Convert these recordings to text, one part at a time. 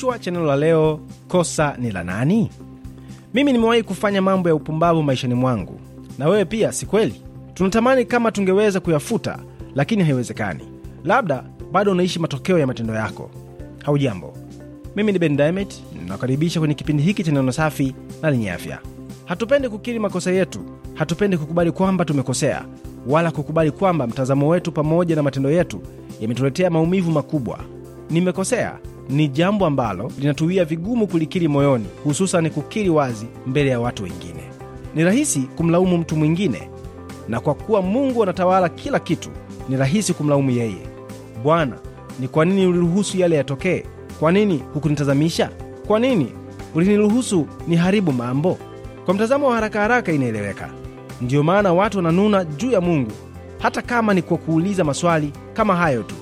Kichwa cha neno la leo, kosa ni la nani? Mimi nimewahi kufanya mambo ya upumbavu maishani mwangu, na wewe pia, si kweli? Tunatamani kama tungeweza kuyafuta, lakini haiwezekani. Labda bado unaishi matokeo ya matendo yako. Haujambo, mimi ni Ben Diamond, nakaribisha kwenye kipindi hiki cha neno safi na lenye afya. Hatupendi kukiri makosa yetu, hatupendi kukubali kwamba tumekosea, wala kukubali kwamba mtazamo wetu pamoja na matendo yetu yametuletea maumivu makubwa. Nimekosea, ni jambo ambalo linatuwia vigumu kulikiri moyoni, hususan kukiri wazi mbele ya watu wengine. Ni rahisi kumlaumu mtu mwingine, na kwa kuwa Mungu anatawala kila kitu, ni rahisi kumlaumu yeye. Bwana, ni kwa nini uliruhusu yale yatokee? Kwa nini hukunitazamisha? Kwa nini uliniruhusu niharibu mambo? Kwa mtazamo wa haraka haraka, inaeleweka. Ndiyo maana watu wananuna juu ya Mungu, hata kama ni kwa kuuliza maswali kama hayo tu.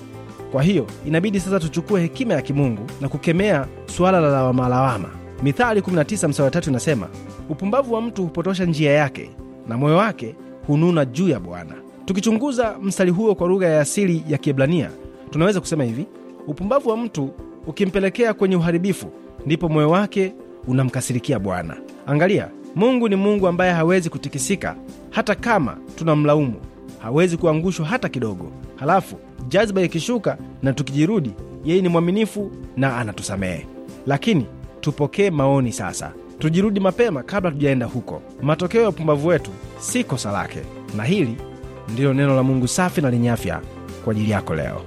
Kwa hiyo inabidi sasa tuchukue hekima ya kimungu na kukemea suala la lawamalawama Mithali 19 mstari wa inasema, upumbavu wa mtu hupotosha njia yake na moyo wake hununa juu ya Bwana. Tukichunguza mstari huo kwa lugha ya asili ya Kiebrania tunaweza kusema hivi: upumbavu wa mtu ukimpelekea kwenye uharibifu, ndipo moyo wake unamkasirikia Bwana. Angalia, Mungu ni Mungu ambaye hawezi kutikisika hata kama tunamlaumu, hawezi kuangushwa hata kidogo. Halafu jaziba ikishuka na tukijirudi, yeye ni mwaminifu na anatusamehe. Lakini tupokee maoni sasa, tujirudi mapema kabla tujaenda huko. Matokeo ya upumbavu wetu si kosa lake. Na hili ndilo neno la Mungu safi na lenye afya kwa ajili yako leo.